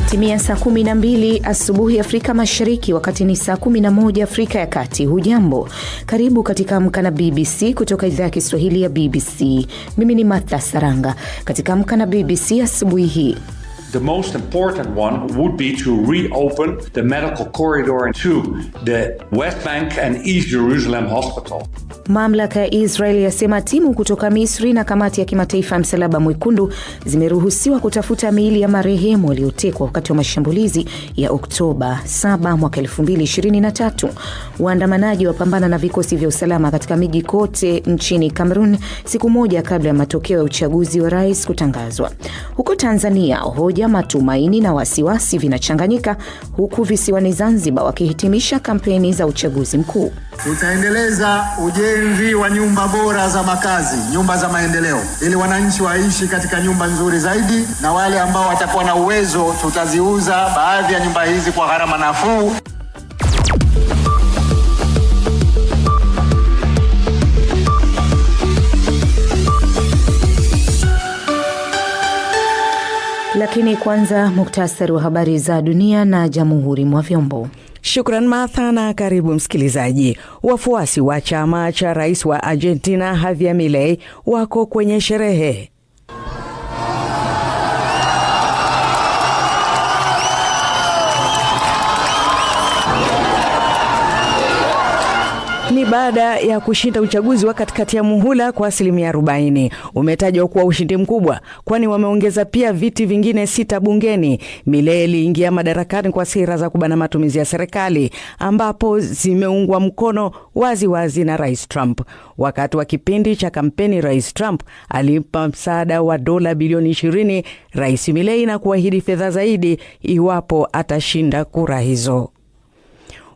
Imetimia saa 12 asubuhi Afrika Mashariki, wakati ni saa 11 Afrika ya Kati. Hujambo, karibu katika Amka na BBC kutoka idhaa ya Kiswahili ya BBC. Mimi ni Martha Saranga. Katika Amka na BBC asubuhi hii The most important one would be to reopen the medical corridor to the West Bank and East Jerusalem Hospital. Mamlaka ya israel yasema timu kutoka Misri na kamati ya kimataifa ya Msalaba Mwekundu zimeruhusiwa kutafuta miili ya marehemu waliotekwa wakati wa mashambulizi ya Oktoba 7 mwaka 2023. Waandamanaji wapambana na vikosi vya usalama katika miji kote nchini Cameroon siku moja kabla ya matokeo ya uchaguzi wa rais kutangazwa. Huko Tanzania hoja pamoja matumaini na wasiwasi vinachanganyika, huku visiwani Zanzibar wakihitimisha kampeni za uchaguzi mkuu. Tutaendeleza ujenzi wa nyumba bora za makazi, nyumba za maendeleo, ili wananchi waishi katika nyumba nzuri zaidi, na wale ambao watakuwa na uwezo, tutaziuza baadhi ya nyumba hizi kwa gharama nafuu. lakini kwanza muktasari wa habari za dunia na jamhuri mwa vyombo. Shukran Martha na karibu msikilizaji. Wafuasi wa chama cha rais wa Argentina Javier Milei wako kwenye sherehe baada ya kushinda uchaguzi wa katikati ya muhula kwa asilimia 40. Umetajwa kuwa ushindi mkubwa, kwani wameongeza pia viti vingine sita bungeni. Milei iliingia madarakani kwa sera za kubana matumizi ya serikali, ambapo zimeungwa mkono waziwazi wazi na Rais Trump. Wakati wa kipindi cha kampeni, Rais Trump alimpa msaada wa dola bilioni 20 Rais Milei na kuahidi fedha zaidi iwapo atashinda kura hizo.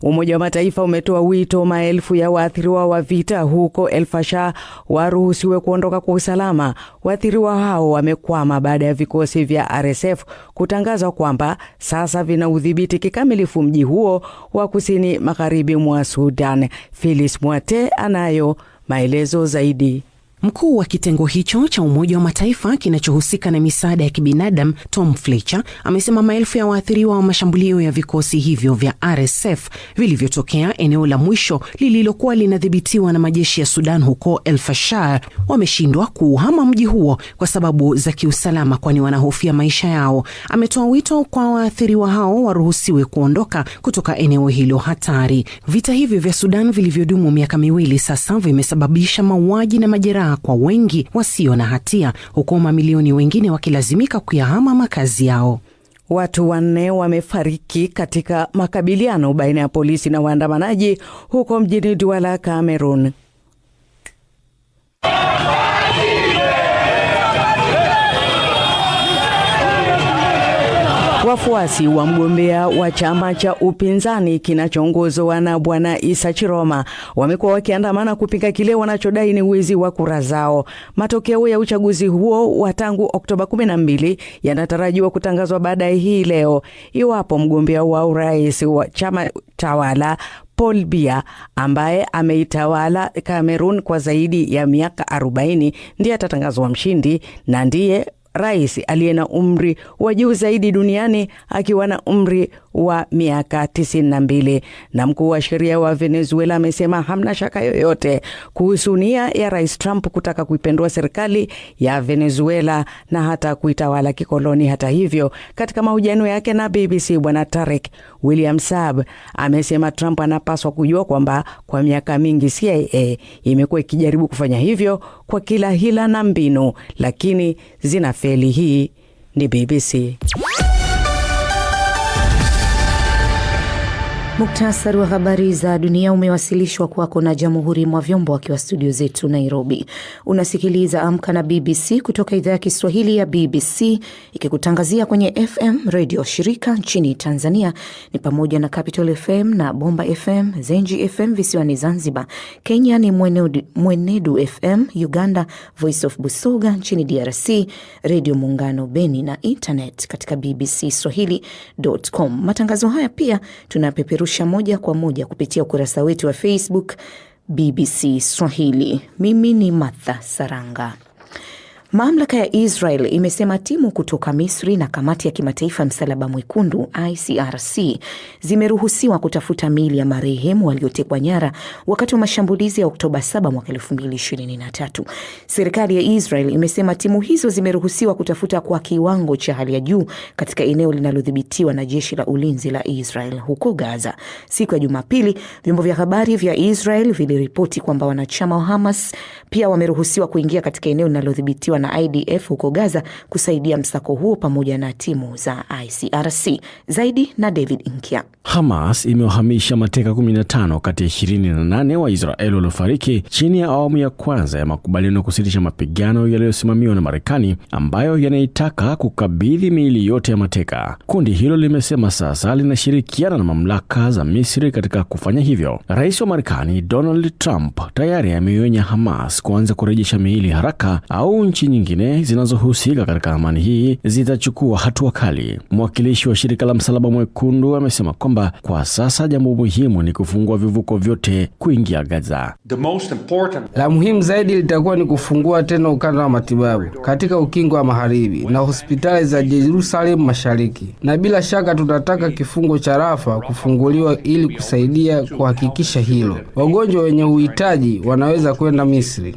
Umoja wa Mataifa umetoa wito maelfu ya waathiriwa wa vita huko El Fasher waruhusiwe kuondoka kwa usalama. Waathiriwa hao wamekwama baada ya vikosi vya RSF kutangaza kwamba sasa vina udhibiti kikamilifu mji huo wa kusini magharibi mwa Sudan. Phyllis Mwate anayo maelezo zaidi. Mkuu wa kitengo hicho cha Umoja wa Mataifa kinachohusika na misaada ya kibinadamu Tom Fletcher amesema maelfu ya waathiriwa wa mashambulio ya vikosi hivyo vya RSF vilivyotokea eneo la mwisho lililokuwa linadhibitiwa na majeshi ya Sudan huko El Fashar wameshindwa kuuhama mji huo kwa sababu za kiusalama, kwani wanahofia maisha yao. Ametoa wito kwa waathiriwa hao waruhusiwe kuondoka kutoka eneo hilo hatari. Vita hivyo vya Sudan vilivyodumu miaka miwili sasa vimesababisha mauaji na majeraha majeraha kwa wengi wasio na hatia, huku mamilioni wengine wakilazimika kuyahama makazi yao. Watu wanne wamefariki katika makabiliano baina ya polisi na waandamanaji huko mjini Duala, cameron wafuasi wa mgombea wa chama cha upinzani kinachoongozwa na Bwana Isa Chiroma wamekuwa wakiandamana kupinga kile wanachodai ni wizi wa kura zao. Matokeo ya uchaguzi huo wa tangu Oktoba 12 yanatarajiwa kutangazwa baadaye hii leo, iwapo mgombea wa urais wa chama tawala Paul Biya ambaye ameitawala Kamerun kwa zaidi ya miaka 40 ndiye atatangazwa mshindi na ndiye rais aliye na umri wa juu zaidi duniani akiwa na umri wa miaka 92 na mkuu wa sheria wa Venezuela amesema hamna shaka yoyote kuhusu nia ya Rais Trump kutaka kuipendua serikali ya Venezuela na hata kuitawala kikoloni. Hata hivyo, katika mahojiano yake na BBC, bwana Tarek William sab amesema Trump anapaswa kujua kwamba kwa miaka mingi CIA imekuwa ikijaribu kufanya hivyo kwa kila hila na mbinu, lakini zina feli Hii ni BBC. Muktasari wa habari za dunia umewasilishwa kwako na Jamhuri mwa Vyombo akiwa studio zetu Nairobi. Unasikiliza Amka na BBC kutoka idhaa ya Kiswahili ya BBC ikikutangazia kwenye FM redio shirika nchini Tanzania ni pamoja na Capital FM na Bomba FM, Zenji FM visiwani Zanzibar, Kenya ni Mwenedu, Mwenedu FM, Uganda Voice of Busoga, nchini DRC Redio Muungano Beni na internet katika Swahili.com. Matangazo haya pia tunapeperu tunapeperusha moja kwa moja kupitia ukurasa wetu wa Facebook BBC Swahili. Mimi ni Martha Saranga. Mamlaka ya Israel imesema timu kutoka Misri na kamati ya kimataifa ya msalaba mwekundu ICRC zimeruhusiwa kutafuta miili ya marehemu waliotekwa nyara wakati wa mashambulizi ya Oktoba 7 mwaka 2023. Serikali ya Israel imesema timu hizo zimeruhusiwa kutafuta kwa kiwango cha hali ya juu katika eneo linalodhibitiwa na jeshi la ulinzi la Israel huko Gaza. Siku ya Jumapili, vyombo vya habari vya Israel viliripoti kwamba wanachama wa Hamas pia wameruhusiwa kuingia katika eneo linalodhibitiwa na IDF huko Gaza kusaidia msako huo pamoja na timu za ICRC. Zaidi na David Inkia. Hamas imewahamisha mateka 15 kati ya 28 wa Israeli waliofariki chini ya awamu ya kwanza ya makubaliano ya kusitisha mapigano yaliyosimamiwa na Marekani ambayo yanaitaka kukabidhi miili yote ya mateka. Kundi hilo limesema sasa linashirikiana na mamlaka za Misri katika kufanya hivyo. Rais wa Marekani Donald Trump tayari ameionya Hamas kuanza kurejesha miili haraka au nchi nyingine zinazohusika katika amani hii zitachukua hatua kali. Mwakilishi wa shirika la Msalaba Mwekundu amesema kwamba kwa sasa jambo muhimu ni kufungua vivuko vyote kuingia Gaza. Important... la muhimu zaidi litakuwa ni kufungua tena ukanda wa matibabu katika ukingo wa magharibi na hospitali za Jerusalem mashariki, na bila shaka tunataka kifungo cha Rafa kufunguliwa ili kusaidia kuhakikisha hilo. Wagonjwa wenye uhitaji wanaweza kwenda Misri.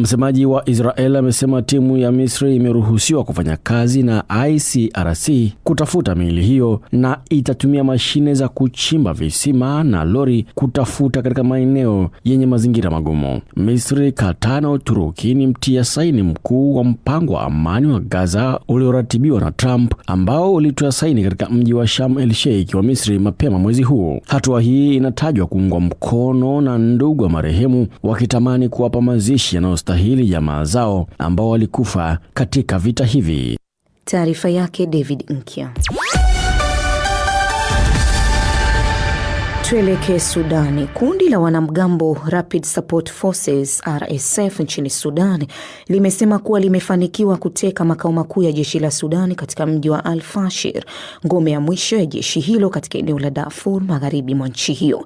Msemaji wa Israel amesema timu ya Misri imeruhusiwa kufanya kazi na ICRC kutafuta miili hiyo na itatumia mashine za kuchimba visima na lori kutafuta katika maeneo yenye mazingira magumu. Misri, Qatar na Uturuki ni mtia saini mkuu wa mpango wa amani wa Gaza ulioratibiwa na Trump ambao ulitoa saini katika mji wa Sharm el Sheikh wa Misri mapema mwezi huu. Hatua hii inatajwa kuungwa mkono na ndugu wa marehemu wakitamani kuwapa mazishi yanayo kustahili jamaa zao ambao walikufa katika vita hivi. Taarifa yake David Nkya. Tuelekee Sudani. Kundi la wanamgambo Rapid Support Forces RSF nchini Sudan limesema kuwa limefanikiwa kuteka makao makuu ya jeshi la Sudani katika mji wa Al Fashir, ngome ya mwisho ya jeshi hilo katika eneo la Darfur magharibi mwa nchi hiyo.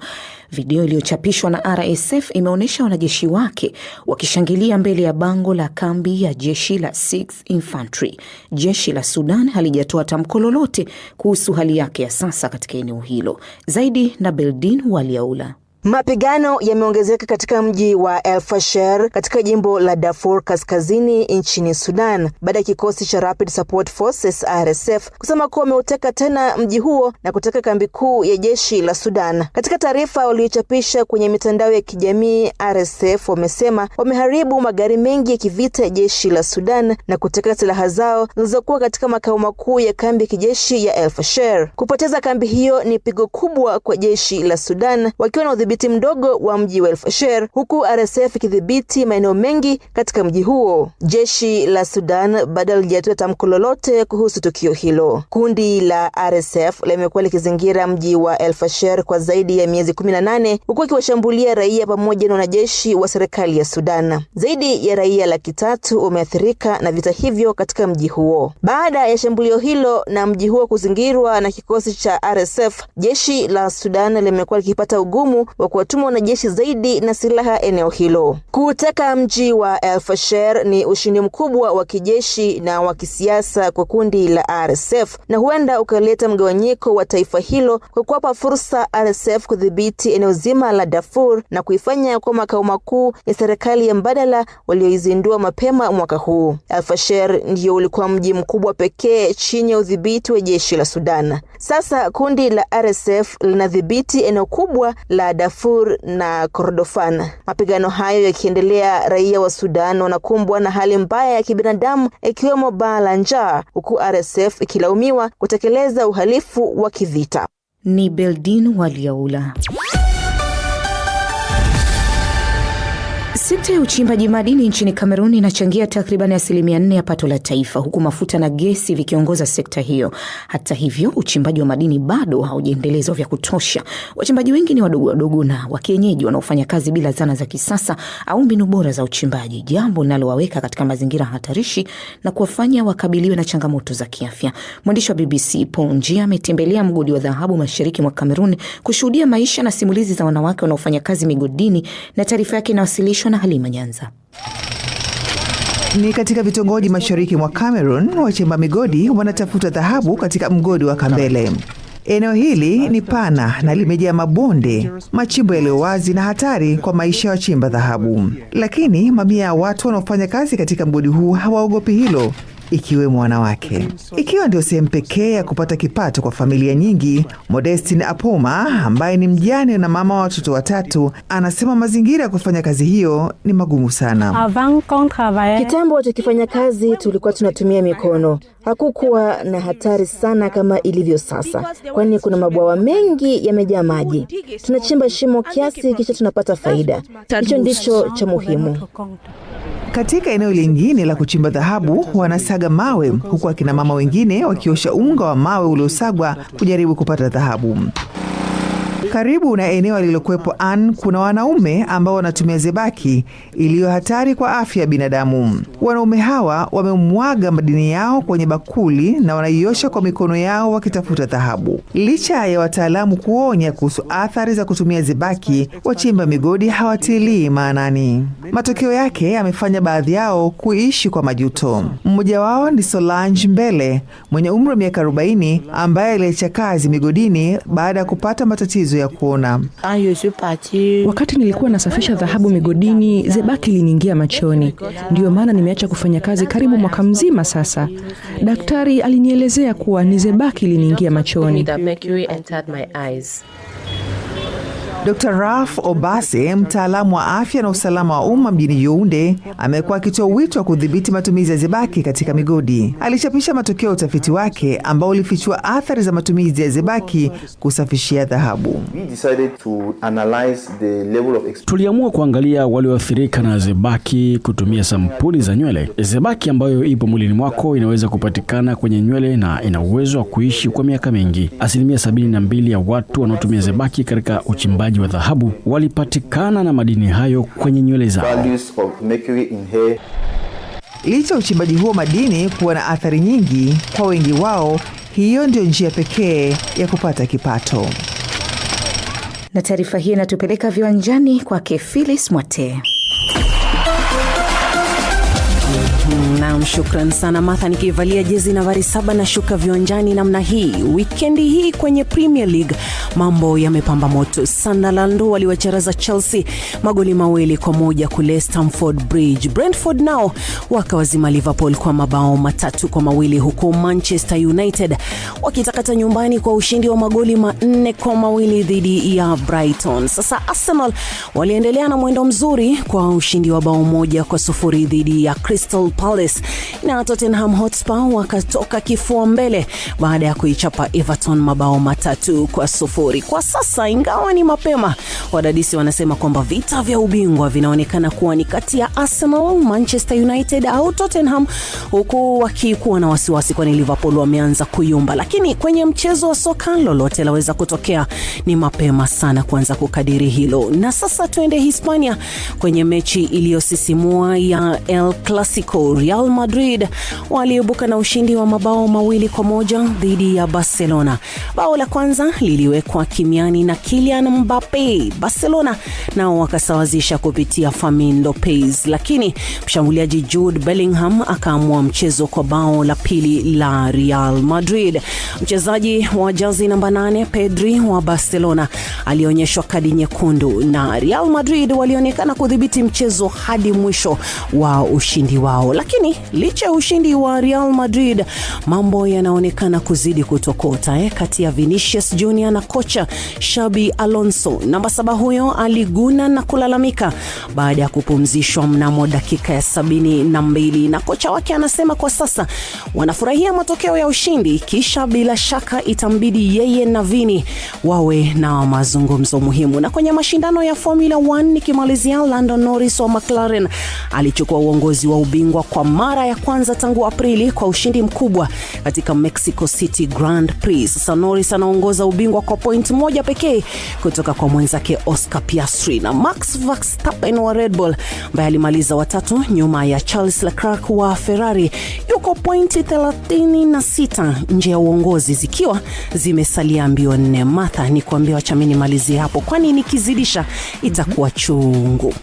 Video iliyochapishwa na RSF imeonyesha wanajeshi wake wakishangilia mbele ya bango la kambi ya jeshi la 6th Infantry. Jeshi la Sudan halijatoa tamko lolote kuhusu hali yake ya sasa katika eneo hilo. Zaidi na Beldin Waliaula. Mapigano yameongezeka katika mji wa El Fasher katika jimbo la Darfur Kaskazini nchini Sudan baada ya kikosi cha Rapid Support Forces RSF kusema kuwa wameuteka tena mji huo na kuteka kambi kuu ya jeshi la Sudan. Katika taarifa waliochapisha kwenye mitandao ya kijamii, RSF wamesema wameharibu magari mengi ya kivita ya jeshi la Sudan na kuteka silaha zao zilizokuwa katika makao makuu ya kambi ya kijeshi ya El Fasher. Kupoteza kambi hiyo ni pigo kubwa kwa jeshi la Sudan wakiwa na udhibiti mdogo wa mji wa el huku RSF ikidhibiti maeneo mengi katika mji huo. Jeshi la Sudan bado halijatoa tamko lolote kuhusu tukio hilo. Kundi la RSF limekuwa likizingira mji wa elfasher kwa zaidi ya miezi 18 huku ikiwashambulia raia pamoja na wanajeshi wa serikali ya Sudan. Zaidi ya raia laki tatu wameathirika na vita hivyo katika mji huo. Baada ya shambulio hilo na mji huo kuzingirwa na kikosi cha RSF, jeshi la Sudan limekuwa likipata ugumu wa kuwatuma wanajeshi zaidi na silaha eneo hilo. kuteka mji wa El Fasher ni ushindi mkubwa wa kijeshi na wa kisiasa kwa kundi la RSF na huenda ukaleta mgawanyiko wa taifa hilo kwa kuwapa fursa RSF kudhibiti eneo zima la Darfur na kuifanya kuwa makao makuu ya serikali ya mbadala walioizindua mapema mwaka huu. El Fasher ndio ulikuwa mji mkubwa pekee chini ya udhibiti wa jeshi la Sudan. Sasa kundi la RSF linadhibiti eneo kubwa la Darfur Darfur na Kordofan. Mapigano hayo yakiendelea, raia wa Sudan wanakumbwa na hali mbaya ya kibinadamu ikiwemo baa la njaa, huku RSF ikilaumiwa kutekeleza uhalifu wa kivita. Ni Beldin Waliaula. Sekta ya uchimbaji madini nchini Kamerun inachangia takriban asilimia nne ya pato la taifa huku mafuta na gesi vikiongoza sekta hiyo. Hata hivyo, uchimbaji wa madini bado haujaendelezwa vya kutosha. Wachimbaji wengi ni wadogo wadogo na wakienyeji wanaofanya kazi bila zana za kisasa au mbinu bora za uchimbaji, jambo linalowaweka katika mazingira hatarishi na kuwafanya wakabiliwe na changamoto za kiafya. Mwandishi wa BBC Paul Njia ametembelea mgodi wa dhahabu mashariki mwa Kamerun kushuhudia maisha na simulizi za wanawake wanaofanya kazi migodini, na taarifa yake inawasilishwa na Halima Nyanza. Ni katika vitongoji mashariki mwa Cameroon, wachimba migodi wanatafuta dhahabu katika mgodi wa Kambele. Eneo hili ni pana na limejaa mabonde, machimbo yaliyo wazi na hatari kwa maisha ya wachimba dhahabu, lakini mamia ya watu wanaofanya kazi katika mgodi huu hawaogopi hilo ikiwemo wanawake. Ikiwa ndio sehemu pekee ya kupata kipato kwa familia nyingi, modestin Apoma ambaye ni mjane na mama wa watoto watatu anasema mazingira ya kufanya kazi hiyo ni magumu sana. Kitambo cha kifanya kazi tulikuwa tunatumia mikono Hakukuwa na hatari sana kama ilivyo sasa, kwani kuna mabwawa mengi yamejaa maji. Tunachimba shimo kiasi, kisha tunapata faida. Hicho ndicho cha muhimu. Katika eneo lingine la kuchimba dhahabu wanasaga mawe, huku akina mama wengine wakiosha unga wa mawe uliosagwa kujaribu kupata dhahabu. Karibu na eneo alilokuwepo an kuna wanaume ambao wanatumia zebaki iliyo hatari kwa afya ya binadamu. Wanaume hawa wamemwaga madini yao kwenye bakuli na wanaiosha kwa mikono yao wakitafuta dhahabu. Licha ya wataalamu kuonya kuhusu athari za kutumia zebaki, wachimba migodi hawatilii maanani. Matokeo yake yamefanya baadhi yao kuishi kwa majuto. Mmoja wao ni Solange Mbele mwenye umri wa miaka 40 ambaye aliacha kazi migodini baada ya kupata matatizo ya ya kuona. Wakati nilikuwa nasafisha dhahabu migodini, zebaki liniingia machoni, ndiyo maana nimeacha kufanya kazi karibu mwaka mzima sasa. Daktari alinielezea kuwa ni zebaki liniingia machoni. Dr. Raf Obase, mtaalamu wa afya na usalama wa umma mjini Yaounde, amekuwa akitoa wito wa kudhibiti matumizi ya zebaki katika migodi. Alichapisha matokeo ya utafiti wake ambao ulifichua athari za matumizi ya zebaki kusafishia dhahabu. Tuliamua kuangalia walioathirika na zebaki kutumia sampuli za nywele. Zebaki ambayo ipo mwilini mwako inaweza kupatikana kwenye nywele na ina uwezo wa kuishi kwa miaka mingi. Asilimia 72 ya watu wanaotumia zebaki katika uchimbaji uchimbaji wa dhahabu walipatikana na madini hayo kwenye nywele zao. Licha uchimbaji huo madini kuwa na athari nyingi kwa wengi wao, hiyo ndio njia pekee ya kupata kipato. Na taarifa hii inatupeleka viwanjani kwake Phyllis Mwatee. Naam, shukran sana Martha, nikivalia jezi nambari saba na shuka viwanjani namna hii. Wikendi hii kwenye Premier League mambo yamepamba moto. Sunderland waliwacharaza Chelsea magoli mawili kwa moja kule Stamford Bridge. Brentford nao wakawazima Liverpool kwa mabao matatu kwa mawili huko Manchester United wakitakata nyumbani kwa ushindi wa magoli manne kwa mawili dhidi ya Brighton. Sasa Arsenal waliendelea na mwendo mzuri kwa ushindi wa bao moja kwa sufuri dhidi ya Crystal Palace Palace na Tottenham Hotspur wakatoka kifua mbele baada ya kuichapa Everton mabao matatu kwa sufuri. Kwa sasa, ingawa ni mapema, wadadisi wanasema kwamba vita vya ubingwa vinaonekana kuwa ni kati ya Arsenal, Manchester United au Tottenham, huku wakikuwa na wasiwasi, kwani Liverpool wameanza kuyumba. Lakini kwenye mchezo wa soka lolote laweza kutokea, ni mapema sana kuanza kukadiri hilo. Na sasa tuende Hispania kwenye mechi iliyosisimua ya El Clasico Real Real Madrid waliibuka na ushindi wa mabao mawili kwa moja dhidi ya Barcelona. Bao la kwanza liliwekwa kimiani na Kylian Mbappe. Barcelona nao wakasawazisha kupitia Fermin Lopez, lakini mshambuliaji Jude Bellingham akaamua mchezo kwa bao la pili la Real Madrid. Mchezaji wa jazi namba 8 Pedri wa Barcelona alionyeshwa kadi nyekundu na Real Madrid walionekana kudhibiti mchezo hadi mwisho wa ushindi wao, lakini licha ya ushindi wa Real Madrid, mambo yanaonekana kuzidi kutokota eh, kati ya Vinicius Junior na kocha Xabi Alonso. Namba saba huyo aliguna na kulalamika baada ya kupumzishwa mnamo dakika ya sabini na mbili, na kocha wake anasema kwa sasa wanafurahia matokeo ya ushindi, kisha bila shaka itambidi yeye na Vini wawe na mazungumzo muhimu. Na kwenye mashindano ya Formula 1 nikimalizia, Lando Norris wa McLaren alichukua uongozi wa ubingwa kwa ma- mara ya kwanza tangu Aprili kwa ushindi mkubwa katika Mexico City Grand Prix. Sasa noris anaongoza ubingwa kwa point moja pekee kutoka kwa mwenzake Oscar Piastri, na Max vastapen wa Red Bull ambaye alimaliza watatu nyuma ya Charles Leclerc wa Ferrari yuko pointi 36 nje ya uongozi zikiwa zimesalia mbio nne. Martha, ni kuambia wachamini malizi hapo, kwani nikizidisha itakuwa chungu.